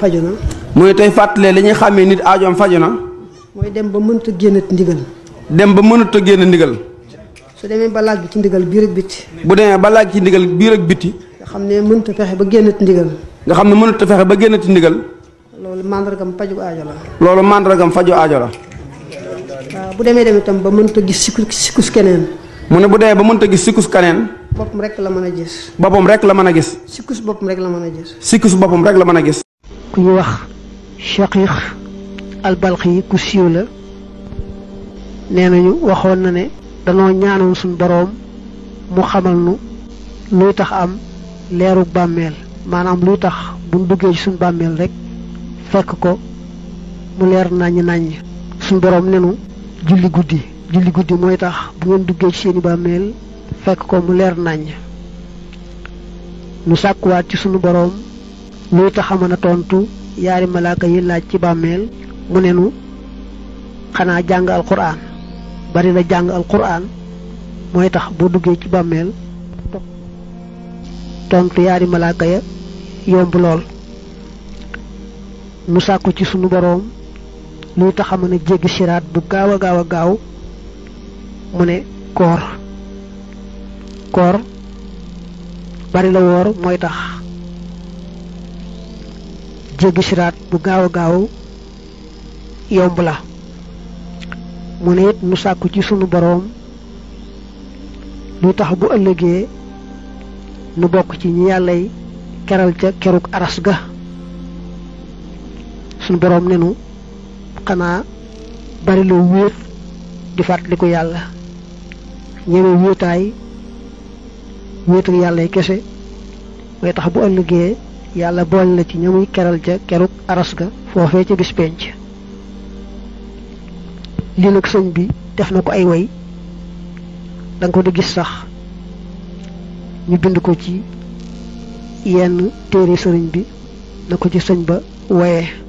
faju na muy tey fàttalee li ñuy xàmmee nit aajoom faju na mooy dem ba mënut a génn ndigal dem ba mënut a génn ndigal su demee ba laaj ci ndigal biir ak bitti bu demee ba laaj ci ndigal biir ak bitti nga xam ne mënut a fexe ba génn ndigal nga xam ne mënut a fexe ba génn ti ndigal loolu màndargam faju aajo la loolu màndargam faju aajo la waaw bu demee dem itam ba mënut a gis sikku sikkus keneen mu ne bu demee ba mënut a gis sikkus keneen bopum rek la mën gis. Sikus rek la mën gis. sikkus boppam rek la mën gis. sikus bopum rek la mën gis. ku wax Shaqiq al-Balqi ku siw la nenañu waxon na ne danoo ñaanon suñ borom mu xamal nu luy tax am leeru bammel manam luy tax bu duggé ci suñ bammel rek fekk ko mu leer nañ nañ suñ borom nenu julli guddii julli guddii moy tax bu ngeen duggé ci seeni bammel fekk ko mu leer nañ nu sàkkuwaat ci sunu boroom luy taxa mën a tontu yaari malaaka yi laaj ci bàmmeel mu ne nu xanaa jàng alquran bari na jàng alquran mooy tax boo duggee ci bàmmeel tontu yaari malaaka ya yomb lool nu sàkku ci sunu boroom luy taxa mën a jéggi siraat bu gaaw a gaaw mu ne koor koor bari la woor mooy tax jéggi siraat bu gaaw gaaw yomb la mu ne it nu sàkku ci sunu boroom lu tax bu ëllëgee nu bokk ci ñi yàllay keral ca keruk aras ga sunu boroom nenu xanaa bari loo wéet di fàttaliku yàlla ñeme wéetaay wéetal yàlla kese mooy tax bu ëllëgee yàlla boole la ci ñamuy keral ja keruk aras ga foofee ca bis penc lii sëñ bi def na ko ay woy da ko di gis sax ñu bind ko ci yenn téere sëriñ bi na ko ci sëñ ba woye